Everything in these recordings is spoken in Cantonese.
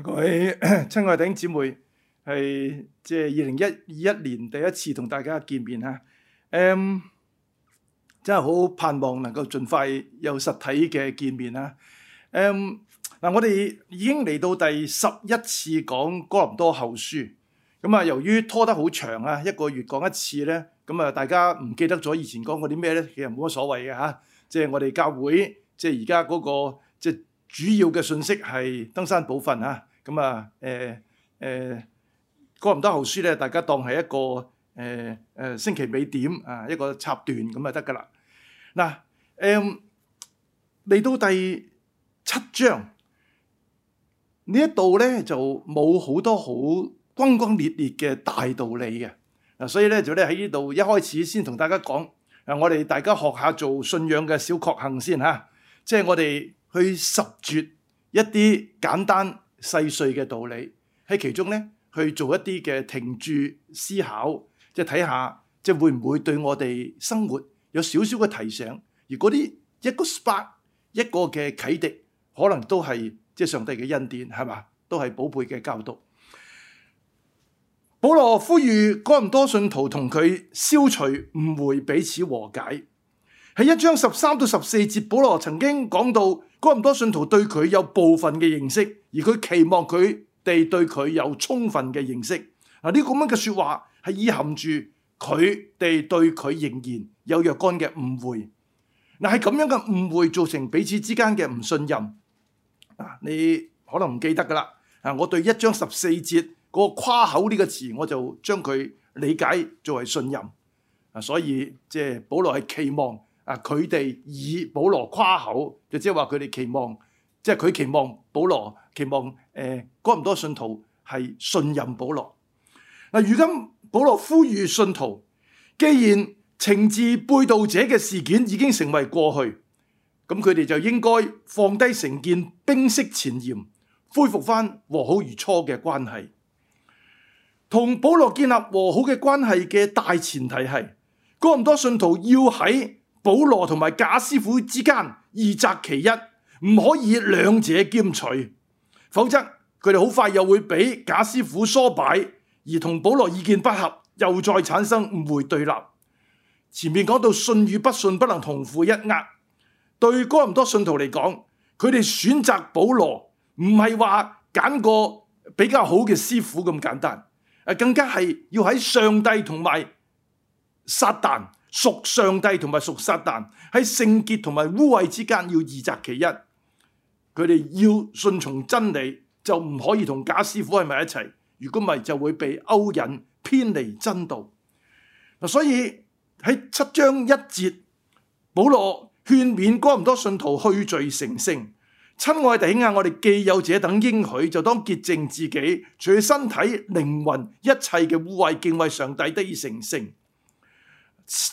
各位親愛嘅弟兄姊妹，係即係二零二一年第一次同大家見面啊、嗯！真係好盼望能夠盡快有實體嘅見面啊！嗱、嗯，我哋已經嚟到第十一次講哥林多後書，咁啊，由於拖得好長啊，一個月講一次呢，咁啊，大家唔記得咗以前講過啲咩呢？其實冇乜所謂嘅吓，即係我哋教會。即係而家嗰個即係主要嘅信息係登山部分嚇、啊，咁啊誒誒哥林多後書咧，大家當係一個誒誒、呃、星期尾點啊一個插段咁啊得㗎啦。嗱誒嚟到第七章呢一度咧，就冇好多好轟轟烈烈嘅大道理嘅，嗱所以咧就咧喺呢度一開始先同大家講，啊我哋大家學下做信仰嘅小確幸先嚇。即係我哋去拾掇一啲簡單細碎嘅道理喺其中咧，去做一啲嘅停駐思考，即係睇下，即係會唔會對我哋生活有少少嘅提醒？而嗰啲一個 spark 一個嘅啟迪，可能都係即係上帝嘅恩典，係嘛？都係寶貝嘅教導。保羅呼籲哥林多信徒同佢消除誤會，彼此和解。喺一章十三到十四節，保羅曾經講到，哥林多信徒對佢有部分嘅認識，而佢期望佢哋對佢有充分嘅認識。嗱，呢個咁樣嘅說話係意含住佢哋對佢仍然有若干嘅誤會。嗱，係咁樣嘅誤會造成彼此之間嘅唔信任。你可能唔記得噶啦。啊，我對一章十四節嗰個誇口呢個詞，我就將佢理解作為信任。所以即係保羅係期望。啊！佢哋以保羅誇口，就即係話佢哋期望，即係佢期望保羅期望誒，咁、呃、多信徒係信任保羅？嗱，如今保羅呼籲信徒，既然懲治背道者嘅事件已經成為過去，咁佢哋就應該放低成見，冰釋前嫌，恢復翻和好如初嘅關係。同保羅建立和好嘅關係嘅大前提係，咁多信徒要喺？保羅同埋假師傅之間二擇其一，唔可以兩者兼取，否則佢哋好快又會俾假師傅唆擺，而同保羅意見不合，又再產生誤會對立。前面講到信與不信不能同負一軛，對哥林多信徒嚟講，佢哋選擇保羅唔係話揀個比較好嘅師傅咁簡單，誒，更加係要喺上帝同埋撒旦。屬上帝同埋屬撒旦，喺聖潔同埋污穢之間要二擇其一，佢哋要順從真理，就唔可以同假師傅喺埋一齊。如果唔係，就會被勾引偏離真道。所以喺七章一節，保羅勸勉哥林多信徒去罪成聖。親愛弟兄啊，我哋既有這等應許就當潔淨自己，除去身體、靈魂一切嘅污穢，敬畏上帝得以成聖。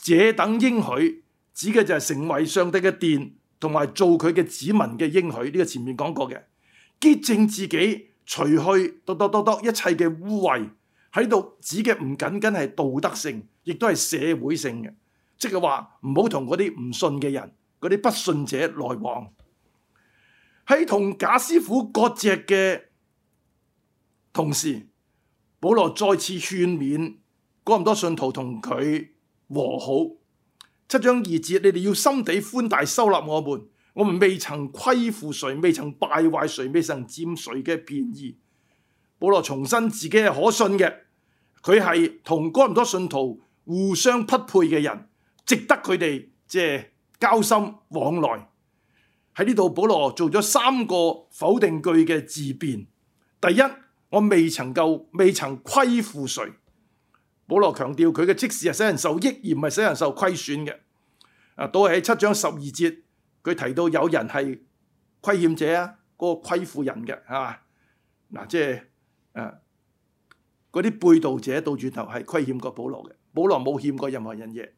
這等應許指嘅就係成為上帝嘅殿，同埋做佢嘅子民嘅應許。呢、這個前面講過嘅潔淨自己，除去咚咚咚咚一切嘅污穢，喺度指嘅唔僅僅係道德性，亦都係社會性嘅。即係話唔好同嗰啲唔信嘅人，嗰啲不信者來往。喺同假師傅割席嘅同時，保羅再次勸勉咁多信徒同佢。和好七章二節，你哋要心地寬大，收納我們。我們未曾虧負誰，未曾敗壞誰，未曾佔誰嘅便宜。保羅重申自己係可信嘅，佢係同嗰咁多信徒互相匹配嘅人，值得佢哋即係交心往來。喺呢度，保羅做咗三個否定句嘅自辯。第一，我未曾夠，未曾虧負誰。保羅強調佢嘅，即使係使人受益，而唔係使人受虧損嘅。啊，到係七章十二節，佢提到有人係虧欠者、那個、虧的啊，嗰個虧負人嘅係嘛？嗱、啊，即係嗰啲背道者到轉頭係虧欠過保羅嘅。保羅冇欠過任何人嘢。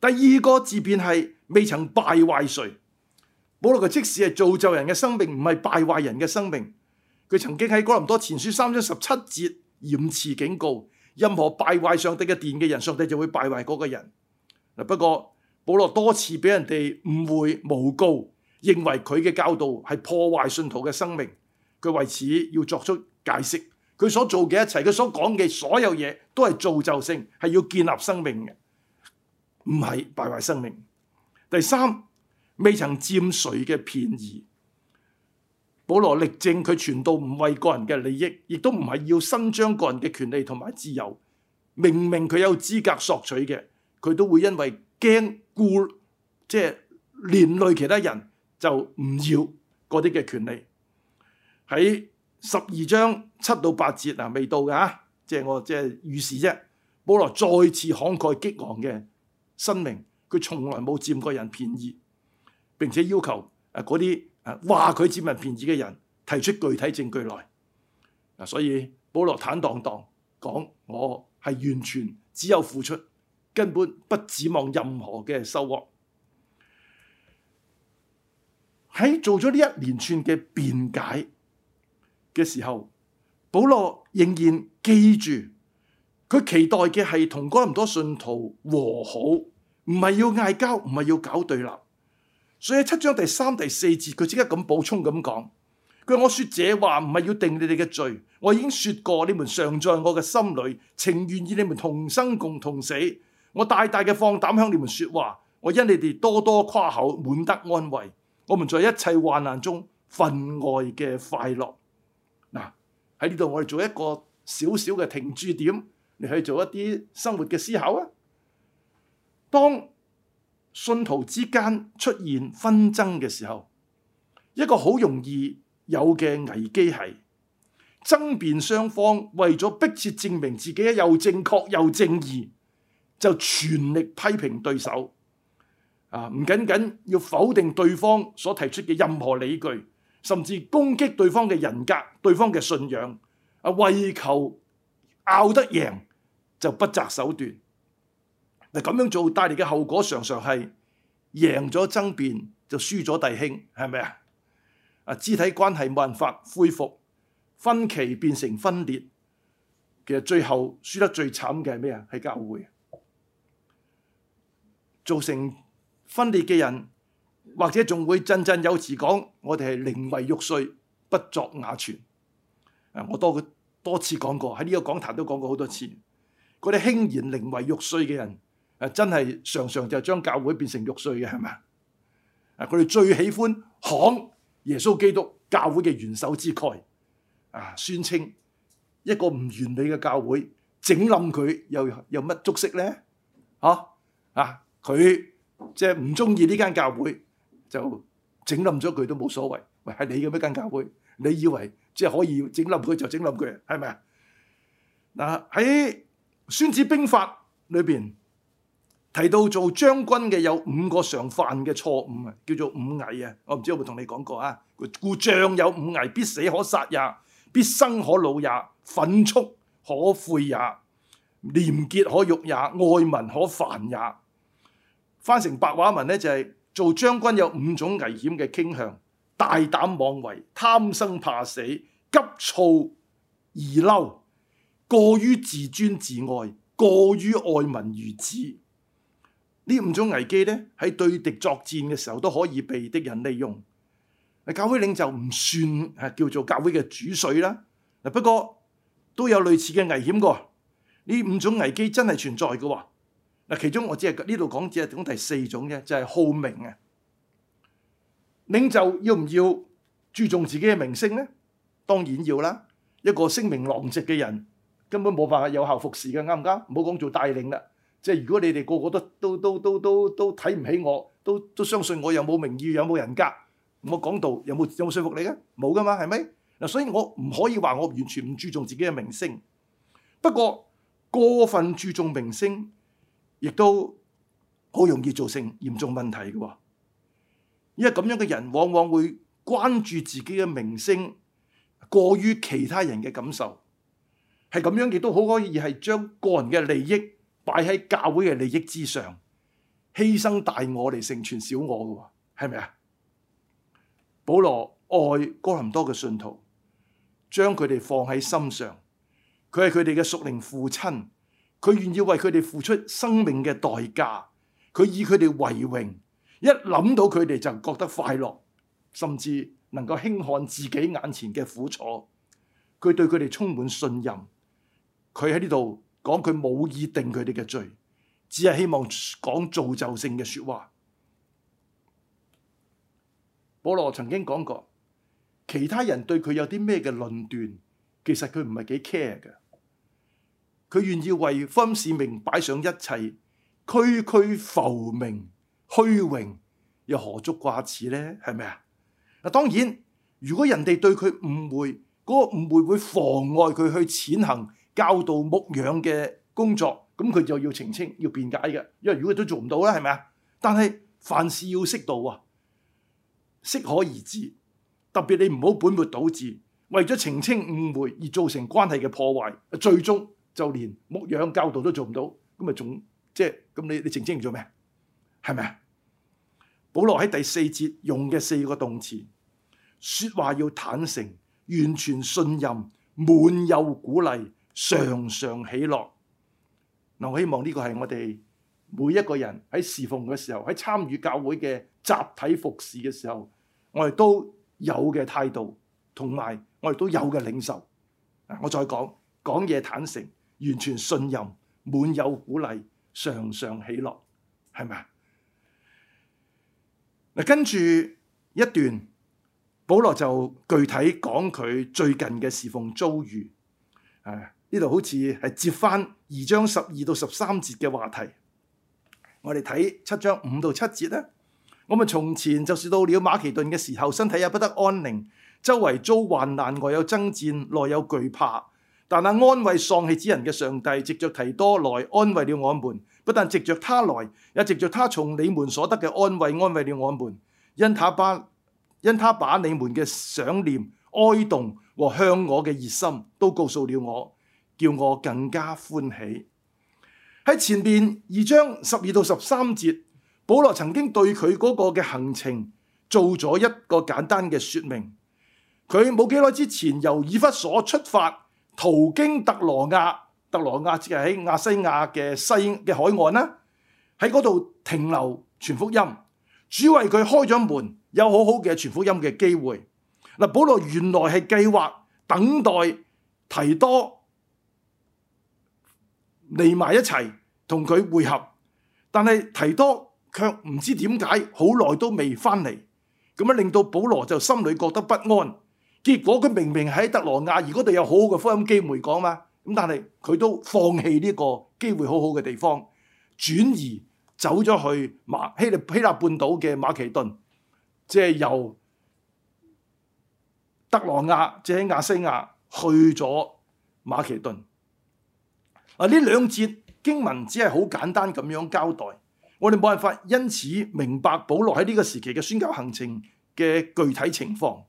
第二個自辯係未曾敗壞誰。保羅嘅即使係造就人嘅生命，唔係敗壞人嘅生命。佢曾經喺哥林多前書三章十七節嚴詞警告。任何敗壞上帝嘅殿嘅人，上帝就會敗壞嗰個人。不過，保羅多次俾人哋誤會、誣告，認為佢嘅教導係破壞信徒嘅生命。佢為此要作出解釋。佢所做嘅一切，佢所講嘅所有嘢，都係造就性，係要建立生命嘅，唔係敗壞生命。第三，未曾佔誰嘅便宜。保羅力證佢傳道唔為個人嘅利益，亦都唔係要伸張個人嘅權利同埋自由。明明佢有資格索取嘅，佢都會因為驚顧即係連累其他人，就唔要嗰啲嘅權利。喺十二章七到八節嗱，未到嘅吓，即係我即係預示啫。保羅再次慷慨激昂嘅聲明，佢從來冇佔過人便宜，並且要求誒嗰啲。話佢佔人便宜嘅人提出具體證據來，所以保羅坦蕩蕩講，我係完全只有付出，根本不指望任何嘅收穫。喺做咗呢一連串嘅辯解嘅時候，保羅仍然記住佢期待嘅係同哥林多信徒和好，唔係要嗌交，唔係要搞對立。所以喺七章第三、第四節，佢即刻咁補充咁講：佢我說這話唔係要定你哋嘅罪，我已經說過，你們常在我嘅心裡，情願與你們同生共同死。我大大嘅放膽向你們說話，我因你哋多多誇口，滿得安慰。我們在一切患難中分外嘅快樂。嗱，喺呢度我哋做一個小小嘅停駐點，你去做一啲生活嘅思考啊。當信徒之間出現紛爭嘅時候，一個好容易有嘅危機係爭辯雙方為咗迫切證明自己又正確又正義，就全力批評對手。啊，唔僅僅要否定對方所提出嘅任何理據，甚至攻擊對方嘅人格、對方嘅信仰，啊，為求拗得贏就不擇手段。嗱咁樣做帶嚟嘅後果，常常係贏咗爭辯就輸咗弟兄，係咪啊？啊，肢體關係冇辦法恢復，分歧變成分裂，其實最後輸得最慘嘅係咩啊？係教會造成分裂嘅人，或者仲會振振有詞講：我哋係寧為玉碎，不作瓦全。啊，我多過多次講過喺呢個講壇都講過好多次，嗰啲輕言寧為玉碎嘅人。誒，真係常常就將教會變成玉碎嘅，係咪？啊，佢哋最喜歡行耶穌基督教會嘅元首之蓋，啊，宣稱一個唔完美嘅教會，整冧佢，又有乜足色咧？吓啊，佢即係唔中意呢間教會，就整冧咗佢都冇所謂。喂，係你嘅咩間教會，你以為即係可以整冧佢就整冧佢，係咪啊？嗱，喺《孫子兵法》裏邊提到做將軍嘅有五個常犯嘅錯誤啊，叫做五危啊！我唔知道有冇同你講過啊。故將有五危，必死可殺也，必生可虜也，忿速可侮也，廉潔可辱也，愛民可煩也。翻成白話文呢，就是，就係做將軍有五種危險嘅傾向：大膽妄為、貪生怕死、急躁易嬲、過於自尊自愛、過於愛民如子。呢五種危機咧，喺對敵作戰嘅時候都可以被敵人利用。啊，教會領袖唔算啊，叫做教會嘅主帥啦。嗱，不過都有類似嘅危險噶。呢五種危機真係存在嘅。嗱，其中我只係呢度講只係講第四種嘅就係、是、好名啊。領袖要唔要注重自己嘅名聲咧？當然要啦。一個聲名狼藉嘅人根本冇辦法有效服侍嘅，啱唔啱？唔好講做帶領啦。即係如果你哋個個都都都都都睇唔起我，都都相信我有冇名譽，有冇人格？我講道有冇有冇説服你嘅？冇噶嘛，係咪？嗱，所以我唔可以話我完全唔注重自己嘅名聲。不過過分注重名聲，亦都好容易造成嚴重問題嘅。因為咁樣嘅人往往會關注自己嘅名聲，過於其他人嘅感受。係咁樣亦都好可以係將個人嘅利益，擺喺教會嘅利益之上，犧牲大我嚟成全小我嘅，係咪啊？保羅愛哥林多嘅信徒，將佢哋放喺心上，佢係佢哋嘅屬靈父親，佢願意為佢哋付出生命嘅代價，佢以佢哋為榮，一諗到佢哋就覺得快樂，甚至能夠輕看自己眼前嘅苦楚，佢對佢哋充滿信任，佢喺呢度。講佢冇意定佢哋嘅罪，只係希望講造就性嘅說話。保羅曾經講過，其他人對佢有啲咩嘅論斷，其實佢唔係幾 care 㗎。佢願意為分使命擺上一切，區區浮名虛榮又何足掛齒呢？係咪啊？嗱，當然，如果人哋對佢誤會，嗰個誤會會妨礙佢去前行。教導牧養嘅工作，咁佢就要澄清、要辯解嘅，因為如果都做唔到啦，係咪啊？但係凡事要適度啊，適可而止。特別你唔好本末倒置，為咗澄清誤會而造成關係嘅破壞，最終就連牧養教導都做唔到，咁咪仲即係咁？就係、你你澄清做咩？係咪啊？保羅喺第四節用嘅四個動詞，說話要坦誠、完全信任、滿有鼓勵。常常喜樂，嗱，我希望呢個係我哋每一個人喺侍奉嘅時候，喺參與教會嘅集體服侍嘅時候，我哋都有嘅態度，同埋我哋都有嘅領受。啊，我再講講嘢坦誠，完全信任，滿有鼓勵，常常喜樂，係咪啊？跟住一段，保羅就具體講佢最近嘅侍奉遭遇，啊。呢度好似係接翻二章十二到十三節嘅話題，我哋睇七章五到七節呢，我們，從前就是到了馬其頓嘅時候，身體也不得安寧，周圍遭患難，外有爭戰，內有懼怕。但那安慰喪氣之人嘅上帝，藉着提多來安慰了我們。不但藉着他來，也藉着他從你們所得嘅安慰，安慰了我們。因他把因他把你們嘅想念、哀慟和向我嘅熱心，都告訴了我。要我更加歡喜。喺前面二章十二到十三節，保羅曾經對佢嗰個嘅行程做咗一個簡單嘅說明。佢冇幾耐之前由以弗所出發，途經特羅亞，特羅亞即係喺亞西亞嘅西嘅海岸啦。喺嗰度停留傳福音，主為佢開咗門，有好好嘅傳福音嘅機會。嗱，保羅原來係計劃等待提多。嚟埋一齊同佢會合，但係提多卻唔知點解好耐都未翻嚟，咁樣令到保羅就心裏覺得不安。結果佢明明喺德羅亞，而嗰度有很好好嘅福音機會講嘛，咁但係佢都放棄呢個機會好好嘅地方，轉而走咗去馬希希臘半島嘅馬其頓，即係由德羅亞即喺亞西亞去咗馬其頓。嗱，呢兩節經文只係好簡單咁樣交代，我哋冇辦法因此明白保羅喺呢個時期嘅宣教行程嘅具體情況。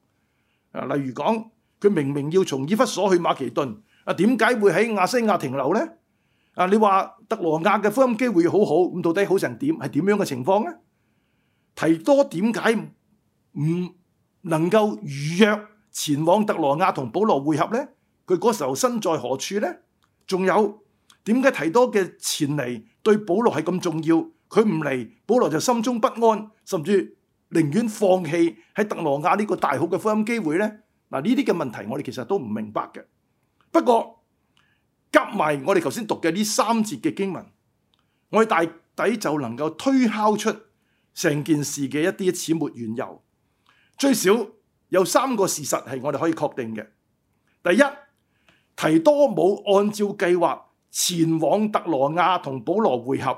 啊，例如講佢明明要從以弗所去馬其頓，啊點解會喺亞西亞停留呢？啊，你話特羅亞嘅福音機會好好，咁到底好成點？係點樣嘅情況呢？提多點解唔能夠預約前往特羅亞同保羅會合呢？佢嗰時候身在何處呢？仲有？點解提多嘅前嚟對保羅係咁重要？佢唔嚟，保羅就心中不安，甚至寧願放棄喺特羅亞呢個大好嘅福音機會呢？嗱，呢啲嘅問題我哋其實都唔明白嘅。不過，夾埋我哋頭先讀嘅呢三節嘅經文，我哋大抵就能夠推敲出成件事嘅一啲始末緣由。最少有三個事實係我哋可以確定嘅。第一，提多冇按照計劃前往特羅亞同保羅會合，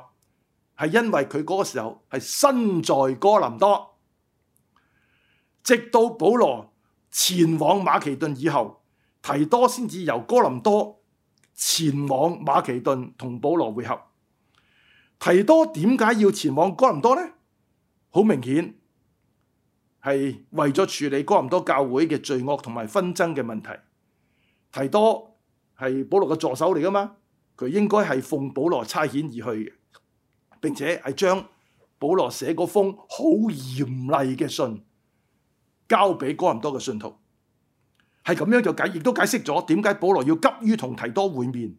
係因為佢嗰個時候係身在哥林多。直到保羅前往馬其頓以後，提多先至由哥林多前往馬其頓同保羅會合。提多點解要前往哥林多呢？好明顯係為咗處理哥林多教會嘅罪惡同埋紛爭嘅問題。提多係保羅嘅助手嚟㗎嘛？佢應該係奉保羅差遣而去嘅，並且係將保羅寫嗰封好嚴厲嘅信交俾哥林多嘅信徒，係咁樣就解，亦都解釋咗點解保羅要急於同提多會面，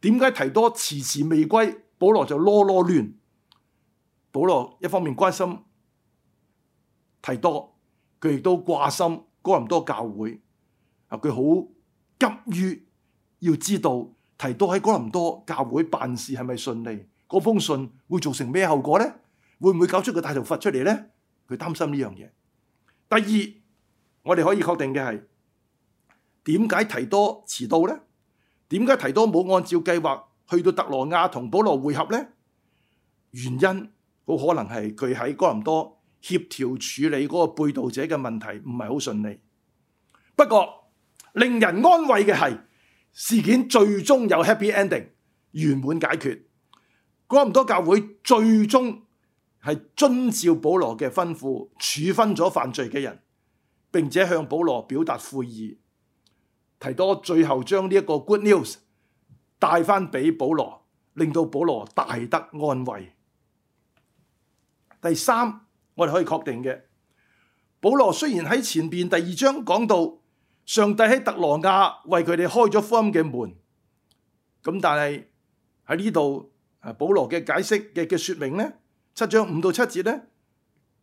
點解提多遲遲未歸，保羅就囉囉攣。保羅一方面關心提多，佢亦都掛心哥林多教會，啊，佢好急於要知道。提多喺哥林多教會辦事係咪順利？嗰封信會造成咩後果呢？會唔會搞出個大頭佛出嚟呢？佢擔心呢樣嘢。第二，我哋可以確定嘅係點解提多遲到呢？點解提多冇按照計劃去到特羅亞同保羅會合呢？原因好可能係佢喺哥林多協調處理嗰個背道者嘅問題唔係好順利。不過令人安慰嘅係。事件最終有 happy ending，圓滿解決。哥林多教會最終係遵照保羅嘅吩咐處分咗犯罪嘅人，並且向保羅表達悔意，提多最後將呢一個 good news 帶返俾保羅，令到保羅大得安慰。第三，我哋可以確定嘅，保羅雖然喺前面第二章講到。上帝喺特羅亞為佢哋開咗福音嘅門，咁但係喺呢度，保羅嘅解釋嘅嘅説明呢，七章五到七節呢，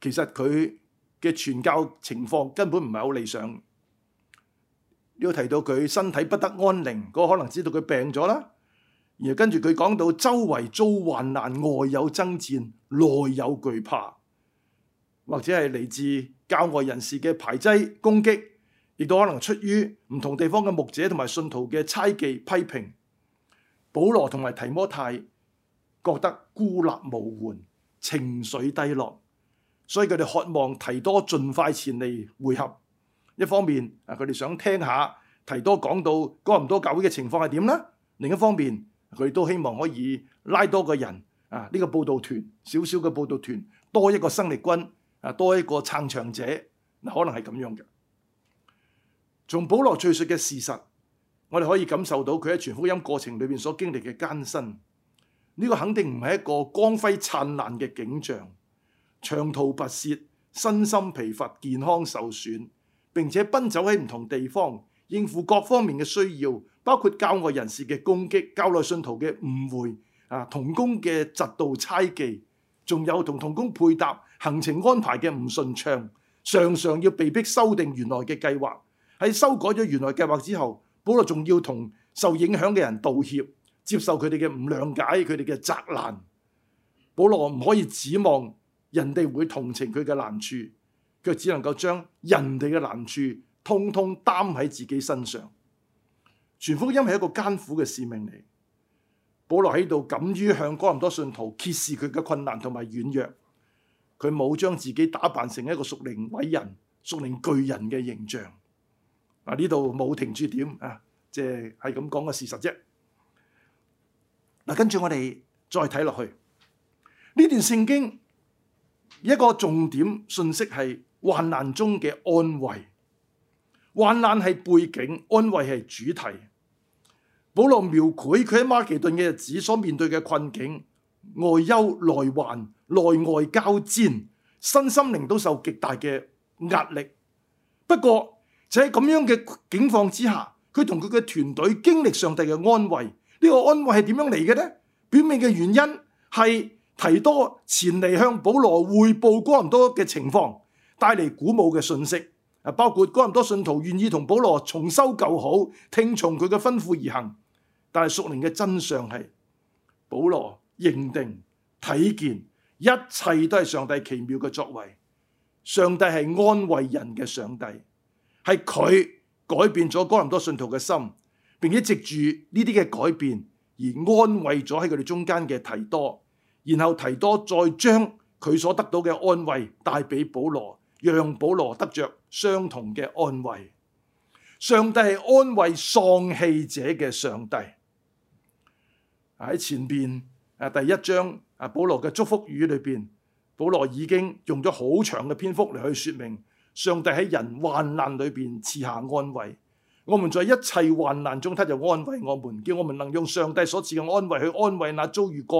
其實佢嘅傳教情況根本唔係好理想。呢個提到佢身體不得安寧，嗰個可能知道佢病咗啦。然後跟住佢講到周圍遭患難，外有爭戰，內有懼怕，或者係嚟自教外人士嘅排擠攻擊。多可能出於唔同地方嘅牧者同埋信徒嘅猜忌批評，保羅同埋提摩太覺得孤立無援，情緒低落，所以佢哋渴望提多盡快前嚟會合。一方面啊，佢哋想聽一下提多講到哥林多教會嘅情況係點呢？另一方面，佢哋都希望可以拉多個人啊，呢、這個報道團少少嘅報道團，多一個生力軍啊，多一個撐場者，可能係咁樣嘅。從保羅敘述嘅事實，我哋可以感受到佢喺傳福音過程裏邊所經歷嘅艱辛。呢、這個肯定唔係一個光輝燦爛嘅景象，長途跋涉，身心疲乏，健康受損，並且奔走喺唔同地方，應付各方面嘅需要，包括教外人士嘅攻擊、教內信徒嘅誤會、啊同工嘅嫉妒猜忌，仲有同同工配搭行程安排嘅唔順暢，常常要被迫修訂原來嘅計劃。喺修改咗原來計劃之後，保羅仲要同受影響嘅人道歉，接受佢哋嘅唔諒解，佢哋嘅責難。保羅唔可以指望人哋會同情佢嘅難處，佢只能夠將人哋嘅難處通通擔喺自己身上。傳福音係一個艱苦嘅使命嚟。保羅喺度敢於向哥林多信徒揭示佢嘅困難同埋軟弱，佢冇將自己打扮成一個屬靈偉人、屬靈巨人嘅形象。嗱，呢度冇停住點啊，即係咁講嘅事實啫。嗱，跟住我哋再睇落去呢段聖經，一個重點信息係患難中嘅安慰。患難係背景，安慰係主題。保羅描繪佢喺馬其頓嘅日子所面對嘅困境，外憂內患，內外交煎，身心靈都受極大嘅壓力。不過，而且，咁樣嘅境況之下，佢同佢嘅團隊經歷上帝嘅安慰。呢個安慰係點樣嚟嘅呢？表面嘅原因係提多前嚟向保羅匯報哥林多嘅情況，帶嚟鼓舞嘅訊息。啊，包括哥林多信徒願意同保羅重修舊好，聽從佢嘅吩咐而行。但係屬靈嘅真相係，保羅認定睇見一切都係上帝奇妙嘅作為。上帝係安慰人嘅上帝。係佢改變咗哥林多信徒嘅心，並且藉住呢啲嘅改變而安慰咗喺佢哋中間嘅提多，然後提多再將佢所得到嘅安慰帶俾保羅，讓保羅得着相同嘅安慰。上帝係安慰喪氣者嘅上帝。喺前邊第一章保羅嘅祝福語裏邊，保羅已經用咗好長嘅篇幅嚟去說明。上帝喺人患難裏邊賜下安慰，我們在一切患難中，他就安慰我們，叫我們能用上帝所賜嘅安慰去安慰那遭遇各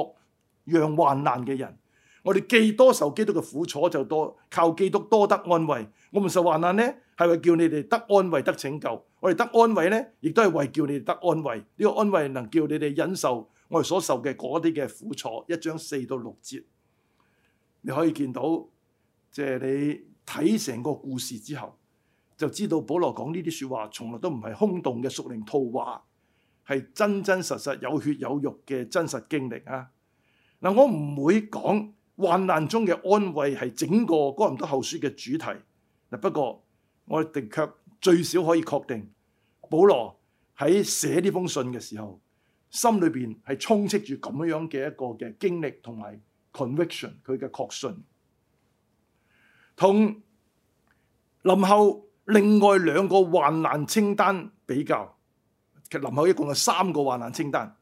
樣患難嘅人。我哋既多受基督嘅苦楚，就多靠基督多得安慰。我們受患難呢，係為叫你哋得安慰得拯救。我哋得安慰呢，亦都係為叫你哋得安慰。呢個安慰能叫你哋忍受我哋所受嘅嗰啲嘅苦楚。一章四到六節，你可以見到，即係你。睇成個故事之後，就知道保羅講呢啲説話，從來都唔係空洞嘅屬靈套話，係真真實實有血有肉嘅真實經歷啊！嗱，我唔會講患難中嘅安慰係整個《哥林多後書》嘅主題，嗱不過我哋的確最少可以確定，保羅喺寫呢封信嘅時候，心裏邊係充斥住咁樣嘅一個嘅經歷同埋 conviction，佢嘅確信。同林後另外兩個患難清單比較，其實林後一共有三個患難清單。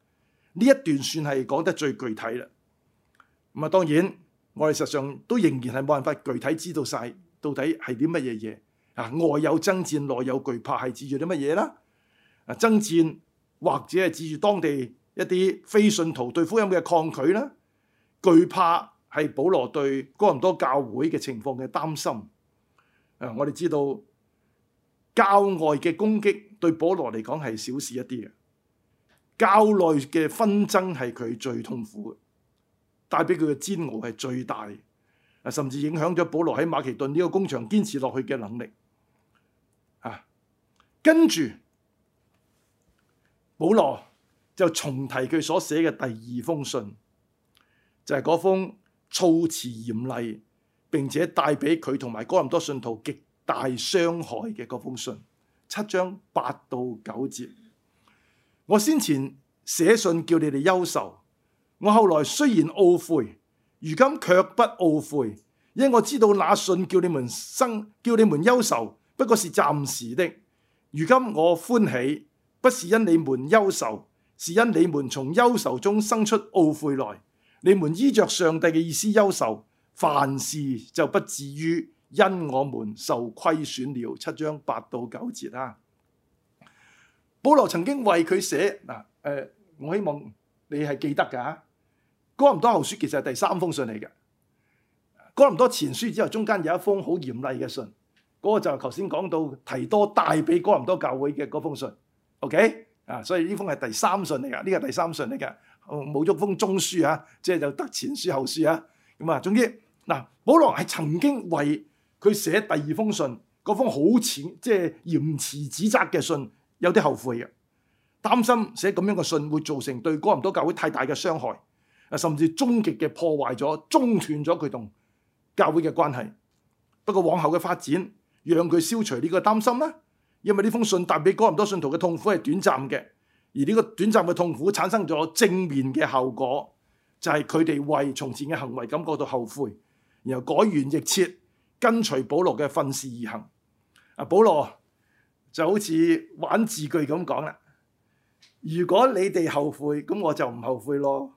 呢一段算係講得最具體啦。咁啊，當然我哋實際上都仍然係冇辦法具體知道晒到底係啲乜嘢嘢啊。外有爭戰，內有懼怕是什麼，係指住啲乜嘢啦？啊，爭戰或者係指住當地一啲非信徒對福音嘅抗拒啦，懼怕。係保羅對哥林多教會嘅情況嘅擔心。誒，我哋知道教外嘅攻擊對保羅嚟講係小事一啲嘅，教內嘅紛爭係佢最痛苦嘅，帶俾佢嘅煎熬係最大。啊，甚至影響咗保羅喺馬其頓呢個工場堅持落去嘅能力。吓，跟住保羅就重提佢所寫嘅第二封信，就係嗰封。措辭嚴厲並且帶俾佢同埋哥林多信徒極大傷害嘅嗰封信，七章八到九節。我先前寫信叫你哋憂愁，我後來雖然懊悔，如今卻不懊悔，因我知道那信叫你們生叫你們憂愁，不過是暫時的。如今我歡喜，不是因你們憂愁，是因你們從憂愁中生出懊悔來。你們依着上帝嘅意思憂愁，凡事就不至於因我們受虧損了。七章八到九節啊，保羅曾經為佢寫嗱，誒、呃，我希望你係記得噶。哥林多後書其實係第三封信嚟嘅，哥林多前書之後，中間有一封好嚴厲嘅信，嗰、那個就係頭先講到提多帶俾哥林多教會嘅嗰封信。OK，啊，所以呢封係第三信嚟噶，呢個係第三信嚟嘅。冇咗封中書啊，即係就得前書後書啊，咁啊，總之嗱，保羅係曾經為佢寫第二封信，嗰封好淺即係嚴詞指責嘅信，有啲後悔嘅，擔心寫咁樣嘅信會造成對哥林多教會太大嘅傷害，啊，甚至終極嘅破壞咗、中斷咗佢同教會嘅關係。不過往後嘅發展，讓佢消除呢個擔心啦，因為呢封信帶俾哥林多信徒嘅痛苦係短暫嘅。而呢個短暫嘅痛苦產生咗正面嘅後果，就係佢哋為從前嘅行為感覺到後悔，然後改弦易轍，跟隨保羅嘅訓示而行。啊，保羅就好似玩字句咁講啦。如果你哋後悔，咁我就唔後悔咯。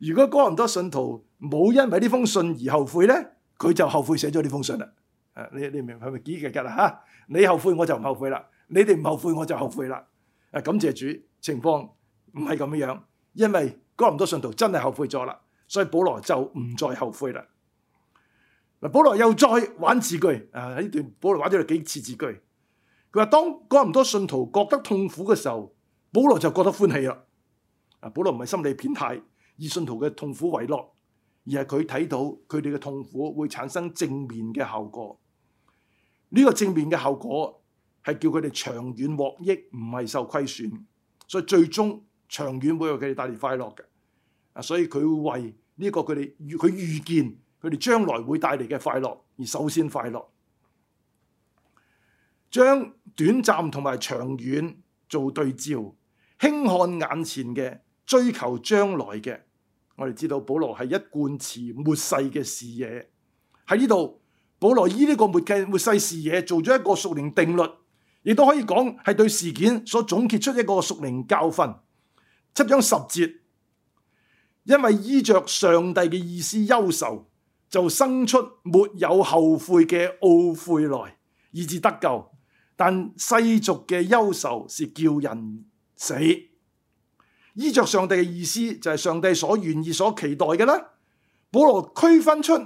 如果哥林多信徒冇因為呢封信而後悔咧，佢就後悔寫咗呢封信啦。誒，你你明係咪幾夾啊？嚇，你後悔我就唔後悔啦。你哋唔後悔我就後悔啦。啊！感謝主，情況唔係咁樣，因為哥林多信徒真係後悔咗啦，所以保羅就唔再後悔啦。嗱，保羅又再玩字句，啊呢段保羅玩咗幾次字句。佢話當哥林多信徒覺得痛苦嘅時候，保羅就覺得歡喜啦。啊，保羅唔係心理變態，以信徒嘅痛苦為樂，而係佢睇到佢哋嘅痛苦會產生正面嘅效果。呢、這個正面嘅效果。係叫佢哋長遠獲益，唔係受虧損，所以最終長遠會為佢哋帶嚟快樂嘅。所以佢會為呢個佢哋預佢預見佢哋將來會帶嚟嘅快樂而首先快樂，將短暫同埋長遠做對照，輕看眼前嘅，追求將來嘅。我哋知道保羅係一貫持末世嘅視野，喺呢度保羅以呢個末嘅末世視野做咗一個屬靈定律。亦都可以講係對事件所總結出一個屬靈教訓，七章十節，因為依着上帝嘅意思憂愁，就生出沒有後悔嘅懊悔來，以至得救。但世俗嘅憂愁是叫人死。依着上帝嘅意思就係上帝所願意、所期待嘅啦。保羅區分出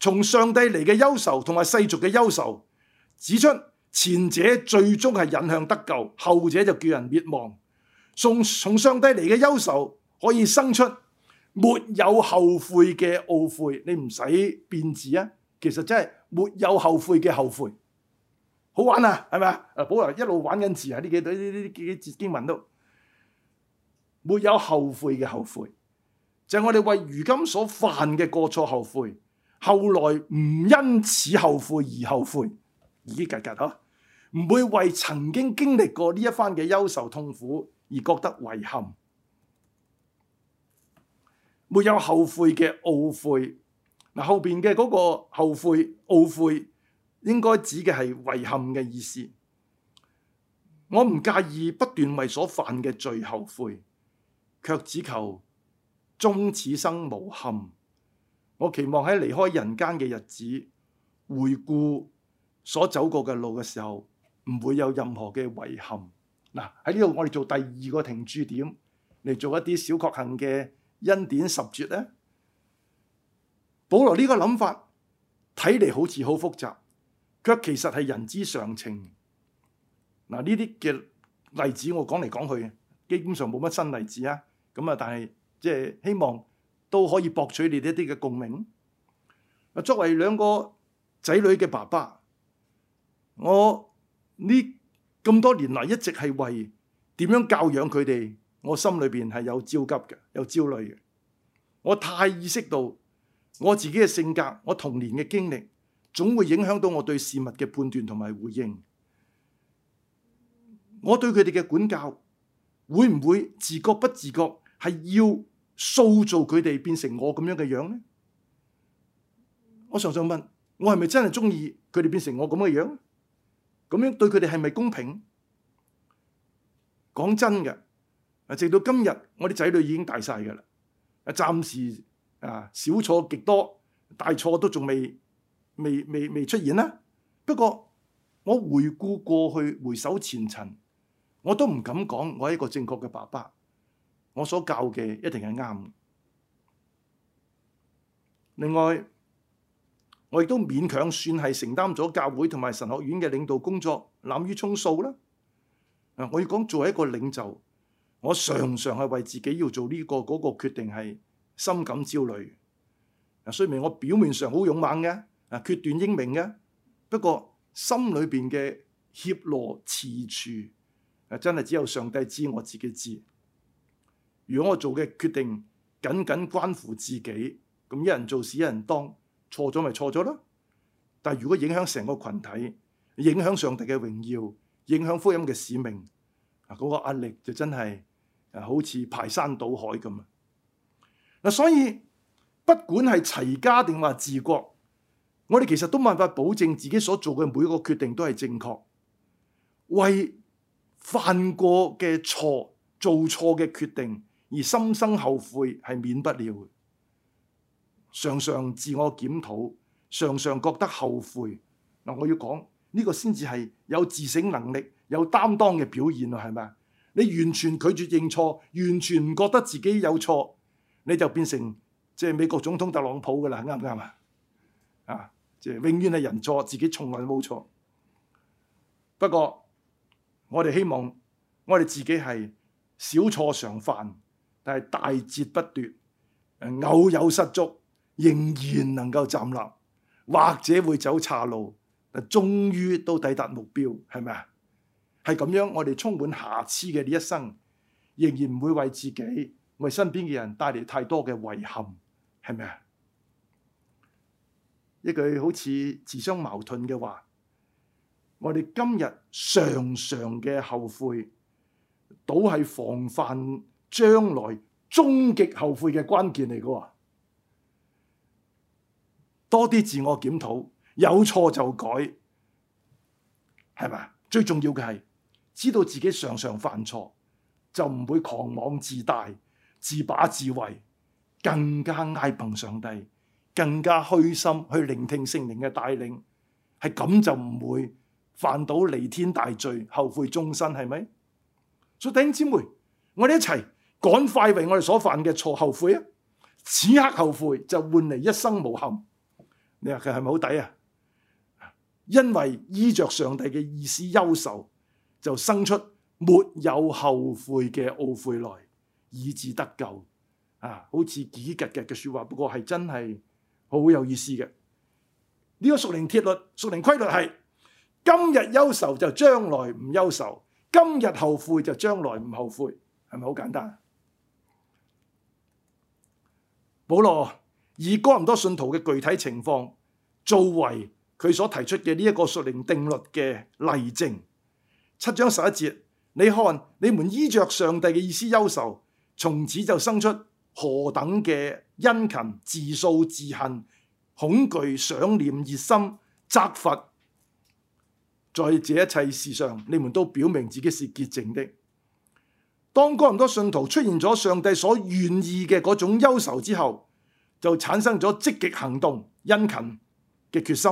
從上帝嚟嘅憂愁同埋世俗嘅憂愁，指出。前者最終係引向得救，後者就叫人滅亡。從從上帝嚟嘅憂愁可以生出沒有後悔嘅懊悔，你唔使變字啊！其實真係沒有後悔嘅後悔，好玩啊，係咪啊？啊，保羅，一路玩緊字啊！呢幾堆呢，呢幾節經文都沒有後悔嘅後悔，就係、是、我哋為如今所犯嘅過錯後悔，後來唔因此後悔而後悔，已經格。吉嗬。唔會為曾經經歷過呢一番嘅憂愁痛苦而覺得遺憾，沒有後悔嘅懊悔。嗱，後邊嘅嗰個後悔懊悔，應該指嘅係遺憾嘅意思。我唔介意不斷為所犯嘅罪後悔，卻只求終此生無憾。我期望喺離開人間嘅日子，回顧所走過嘅路嘅時候。唔會有任何嘅遺憾。嗱，喺呢度，我哋做第二個停駐點嚟做一啲小確幸嘅恩典十節咧。保羅呢個諗法睇嚟好似好複雜，卻其實係人之常情。嗱，呢啲嘅例子我講嚟講去，基本上冇乜新例子啊。咁啊，但係即係希望都可以博取你一啲嘅共鳴啊。作為兩個仔女嘅爸爸，我。呢咁多年嚟一直係為點樣教養佢哋，我心裏邊係有焦急嘅，有焦慮嘅。我太意識到我自己嘅性格，我童年嘅經歷，總會影響到我對事物嘅判斷同埋回應。我對佢哋嘅管教，會唔會自覺不自覺係要塑造佢哋變成我咁樣嘅樣子呢？我常常問我係咪真係中意佢哋變成我咁嘅樣，嘅樣子？咁樣對佢哋係咪公平？講真嘅，啊直到今日我啲仔女已經大晒㗎啦，啊暫時啊小錯極多，大錯都仲未未未未出現啦。不過我回顧過去，回首前塵，我都唔敢講我係一個正確嘅爸爸，我所教嘅一定係啱嘅。另外。我亦都勉強算係承擔咗教會同埋神學院嘅領導工作，濫竽充數啦。我要講，作為一個領袖，我常常係為自己要做呢、這個嗰、那個決定係深感焦慮。雖然我表面上好勇猛嘅，啊決斷英明嘅，不過心裏邊嘅怯懦遲躕，真係只有上帝知，我自己知。如果我做嘅決定僅僅關乎自己，咁一人做事一人當。錯咗咪錯咗咯，但如果影響成個群體，影響上帝嘅榮耀，影響福音嘅使命，嗱、那、嗰個壓力就真係啊，好似排山倒海咁啊！嗱，所以不管係齊家定話治國，我哋其實都冇辦法保證自己所做嘅每一個決定都係正確，為犯過嘅錯、做錯嘅決定而心生後悔係免不了。常常自我檢討，常常覺得後悔。嗱，我要講呢個先至係有自省能力、有擔當嘅表現啊，係咪啊？你完全拒絕認錯，完全唔覺得自己有錯，你就變成即係美國總統特朗普噶啦，啱唔啱啊？啊，即係永遠係人錯，自己從來冇錯。不過，我哋希望我哋自己係小錯常犯，但係大節不奪，偶有失足。仍然能夠站立，或者會走岔路，但終於都抵達目標，係咪啊？係咁樣，我哋充滿瑕疵嘅呢一生，仍然唔會為自己、為身邊嘅人帶嚟太多嘅遺憾，係咪啊？一句好似自相矛盾嘅話，我哋今日常常嘅後悔，倒係防範將來終極後悔嘅關鍵嚟嘅喎。多啲自我檢討，有錯就改，係嘛？最重要嘅係知道自己常常犯錯，就唔會狂妄自大、自把自為，更加倚憑上帝，更加虛心去聆聽聖靈嘅帶領。係咁就唔會犯到彌天大罪，後悔終身係咪？所以弟兄姊妹，我哋一齊趕快為我哋所犯嘅錯後悔啊！此刻後悔就換嚟一生無憾。你話佢係咪好抵啊？因為依着上帝嘅意思憂愁，就生出沒有後悔嘅懊悔來，以致得救。啊，好似幾極嘅嘅說話，不過係真係好有意思嘅。呢、這個屬靈鐵律、屬靈規律係：今日憂愁就將來唔憂愁，今日後悔就將來唔後悔，係咪好簡單？保羅。以哥林多信徒嘅具體情況，作為佢所提出嘅呢一個屬靈定律嘅例證。七章十一節，你看你們依着上帝嘅意思憂愁，從此就生出何等嘅殷勤、自訴自恨、恐懼、想念、熱心、責罰，在這一切事上，你們都表明自己是潔淨的。當哥林多信徒出現咗上帝所願意嘅嗰種憂愁之後，就產生咗積極行動、殷勤嘅決心，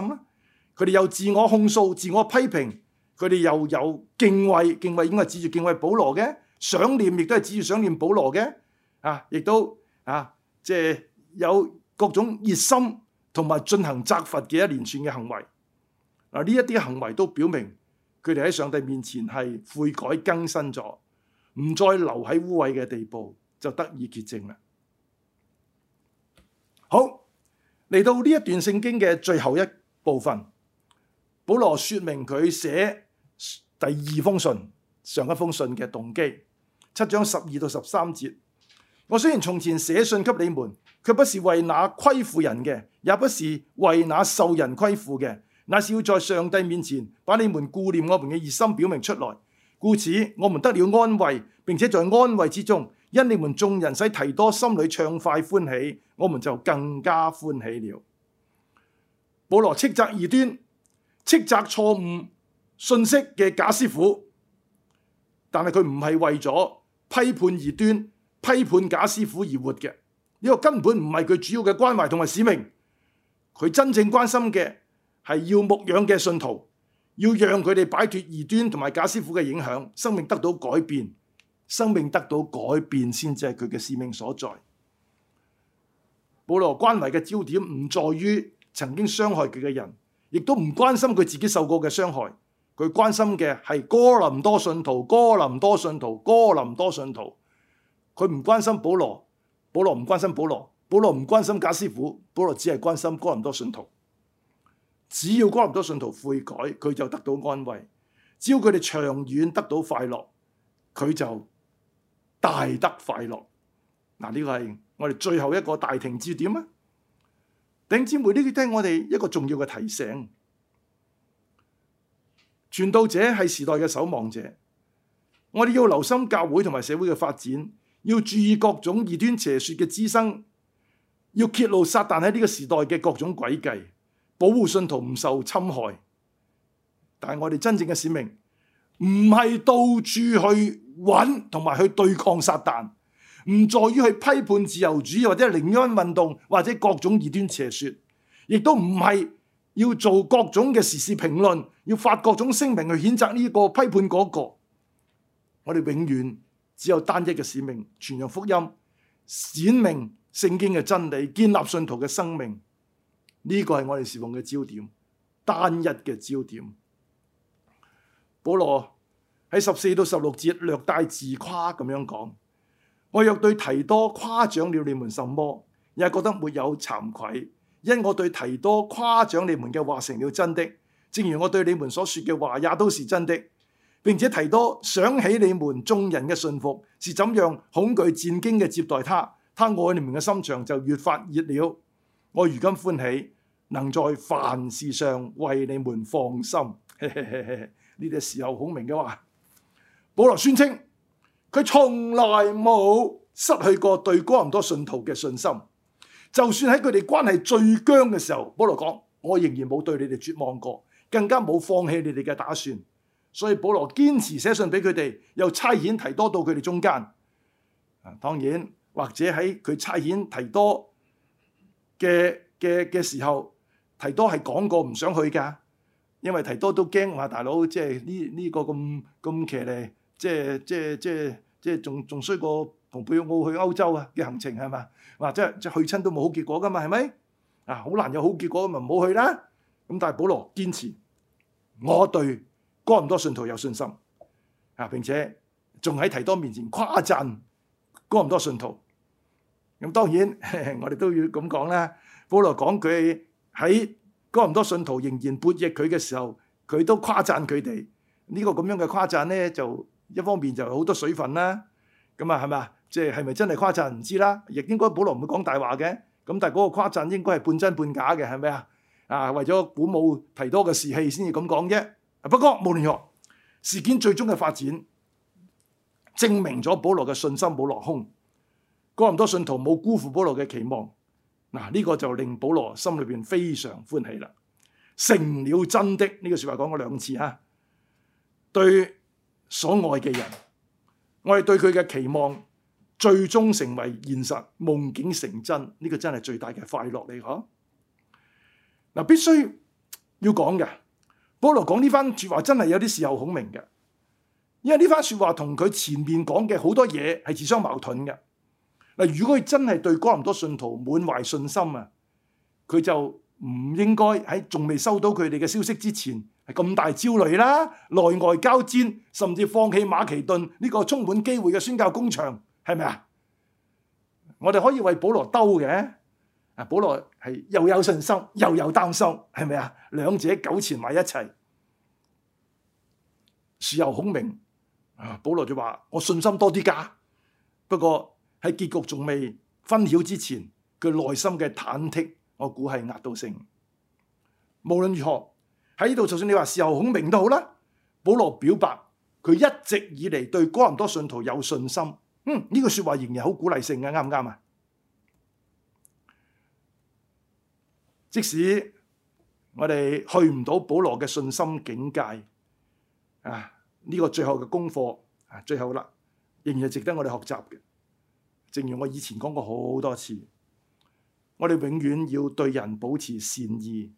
佢哋又自我控訴、自我批評，佢哋又有敬畏、敬畏應該係指住敬畏保羅嘅想念，亦都係指住想念保羅嘅啊，亦都啊，即係有各種熱心同埋進行責罰嘅一連串嘅行為。嗱，呢一啲行為都表明佢哋喺上帝面前係悔改更新咗，唔再留喺污穢嘅地步，就得以潔淨啦。好，嚟到呢一段聖經嘅最後一部分，保羅說明佢寫第二封信上一封信嘅動機，七章十二到十三節。我雖然從前寫信給你們，却不是為那虧負人嘅，也不是為那受人虧負嘅，乃是要在上帝面前把你們顧念我們嘅熱心表明出來。故此，我們得了安慰，並且在安慰之中，因你們眾人使提多心裏暢快歡喜。我們就更加歡喜了。保羅斥責異端、斥責錯誤信息嘅假師傅，但係佢唔係為咗批判異端、批判假師傅而活嘅。呢、這個根本唔係佢主要嘅關懷同埋使命。佢真正關心嘅係要牧養嘅信徒，要讓佢哋擺脱異端同埋假師傅嘅影響，生命得到改變，生命得到改變先至係佢嘅使命所在。保羅關懷嘅焦點唔在於曾經傷害佢嘅人，亦都唔關心佢自己受過嘅傷害。佢關心嘅係哥林多信徒、哥林多信徒、哥林多信徒。佢唔關心保羅，保羅唔關心保羅，保羅唔關心假師傅，保羅只係關心哥林多信徒。只要哥林多信徒悔改，佢就得到安慰；只要佢哋長遠得到快樂，佢就大得快樂。嗱，呢個係我哋最後一個大停節點啦、啊，頂姊妹，呢啲聽我哋一個重要嘅提醒：傳道者係時代嘅守望者，我哋要留心教會同埋社會嘅發展，要注意各種異端邪説嘅滋生，要揭露撒旦喺呢個時代嘅各種詭計，保護信徒唔受侵害。但係我哋真正嘅使命，唔係到處去揾同埋去對抗撒旦。唔在於去批判自由主義或者靈恩運動或者各種異端邪説，亦都唔係要做各種嘅時事評論，要發各種聲明去譴責呢個批判嗰個。我哋永遠只有單一嘅使命：傳揚福音、顯明聖經嘅真理、建立信徒嘅生命。呢個係我哋侍奉嘅焦點，單一嘅焦點。保羅喺十四到十六節略帶自誇咁樣講。我若對提多誇獎了你們什麼，也覺得沒有慚愧，因我對提多誇獎你們嘅話成了真的，正如我對你們所說嘅話也都是真的，並且提多想起你們眾人嘅信服，是怎樣恐懼戰兢嘅接待他，他愛你們嘅心腸就越發熱了。我如今歡喜能在凡事上為你們放心。嘿嘿嘿嘿呢啲時候孔明嘅話，保羅宣稱。佢從來冇失去過對哥林多信徒嘅信心，就算喺佢哋關係最僵嘅時候，保羅講：我仍然冇對你哋絕望過，更加冇放棄你哋嘅打算。所以保羅堅持寫信俾佢哋，又差遣提多到佢哋中間。啊，當然或者喺佢差遣提多嘅嘅嘅時候，提多係講過唔想去㗎，因為提多都驚話大佬即係呢呢個咁咁騎呢。這個即係即係即係即係仲仲衰過同貝奧去歐洲啊嘅行程係嘛？或者即係即係去親都冇好結果㗎嘛係咪？啊好難有好結果咪唔好去啦。咁但係保羅堅持，我對哥林多信徒有信心啊，並且仲喺提多面前誇讚哥林多信徒。咁當然我哋都要咁講啦。保羅講佢喺哥林多信徒仍然叛逆佢嘅時候，佢都誇讚佢哋呢個咁樣嘅誇讚咧就。一方面就好多水分啦，咁啊係咪啊？即係係咪真係誇讚唔知啦？亦應該保羅唔會講大話嘅。咁但係嗰個誇讚應該係半真半假嘅，係咪啊？啊，為咗鼓舞提多嘅士氣先至咁講啫。不過無論如何，事件最終嘅發展證明咗保羅嘅信心冇落空。哥林多信徒冇辜負保羅嘅期望。嗱、啊，呢、這個就令保羅心裏邊非常歡喜啦。成了真的呢句説話講過兩次吓、啊。對。所愛嘅人，我哋對佢嘅期望最終成為現實，夢境成真，呢、這個真係最大嘅快樂嚟呵！嗱，必須要講嘅，保羅講呢番説話真係有啲事後孔明嘅，因為呢番説話同佢前面講嘅好多嘢係自相矛盾嘅。嗱，如果佢真係對哥林多信徒滿懷信心啊，佢就唔應該喺仲未收到佢哋嘅消息之前，咁大焦慮啦，內外交戰，甚至放棄馬其頓呢個充滿機會嘅宣教工場，係咪啊？我哋可以為保羅兜嘅，保羅係又有信心，又有擔心，係咪啊？兩者糾纏埋一齊，事後孔明，保羅就話：我信心多啲㗎，不過喺結局仲未分曉之前，佢內心嘅忐忑，我估係壓到成。無論如何。喺呢度，就算你話事後孔明都好啦。保羅表白，佢一直以嚟對哥林多信徒有信心。嗯，呢個說話仍然好鼓勵性嘅，啱唔啱啊？即使我哋去唔到保羅嘅信心境界，啊，呢個最後嘅功課啊，最後啦，仍然係值得我哋學習嘅。正如我以前講過好多次，我哋永遠要對人保持善意。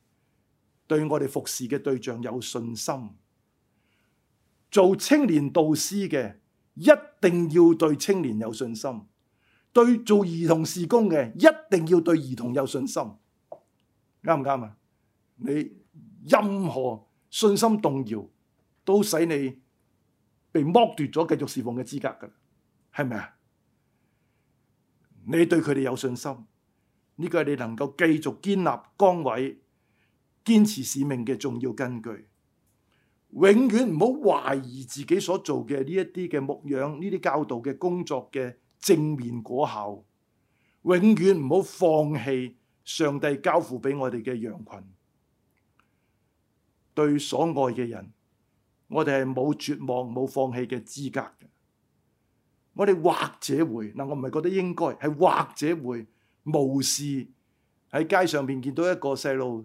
對我哋服侍嘅對象有信心，做青年導師嘅一定要對青年有信心；對做兒童事工嘅一定要對兒童有信心。啱唔啱啊？你任何信心動搖，都使你被剝奪咗繼續侍奉嘅資格噶，係咪啊？你對佢哋有信心，呢個係你能夠繼續堅立崗位堅持使命嘅重要根據，永遠唔好懷疑自己所做嘅呢一啲嘅牧養、呢啲教導嘅工作嘅正面果效。永遠唔好放棄上帝交付俾我哋嘅羊群。對所愛嘅人，我哋係冇絕望、冇放棄嘅資格嘅。我哋或者會嗱，我唔係覺得應該係或者會無視喺街上面見到一個細路。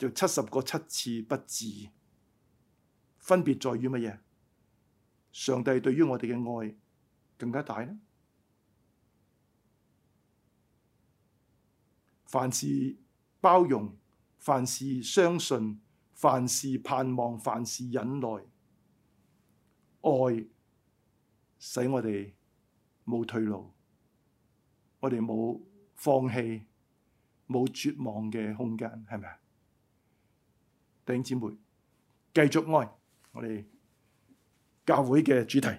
就七十個七次不治，分別在於乜嘢？上帝對於我哋嘅愛更加大呢。凡事包容，凡事相信，凡事盼望，凡事忍耐，愛使我哋冇退路，我哋冇放棄、冇絕望嘅空間，係咪？弟兄姊妹，繼續愛我哋教會嘅主題。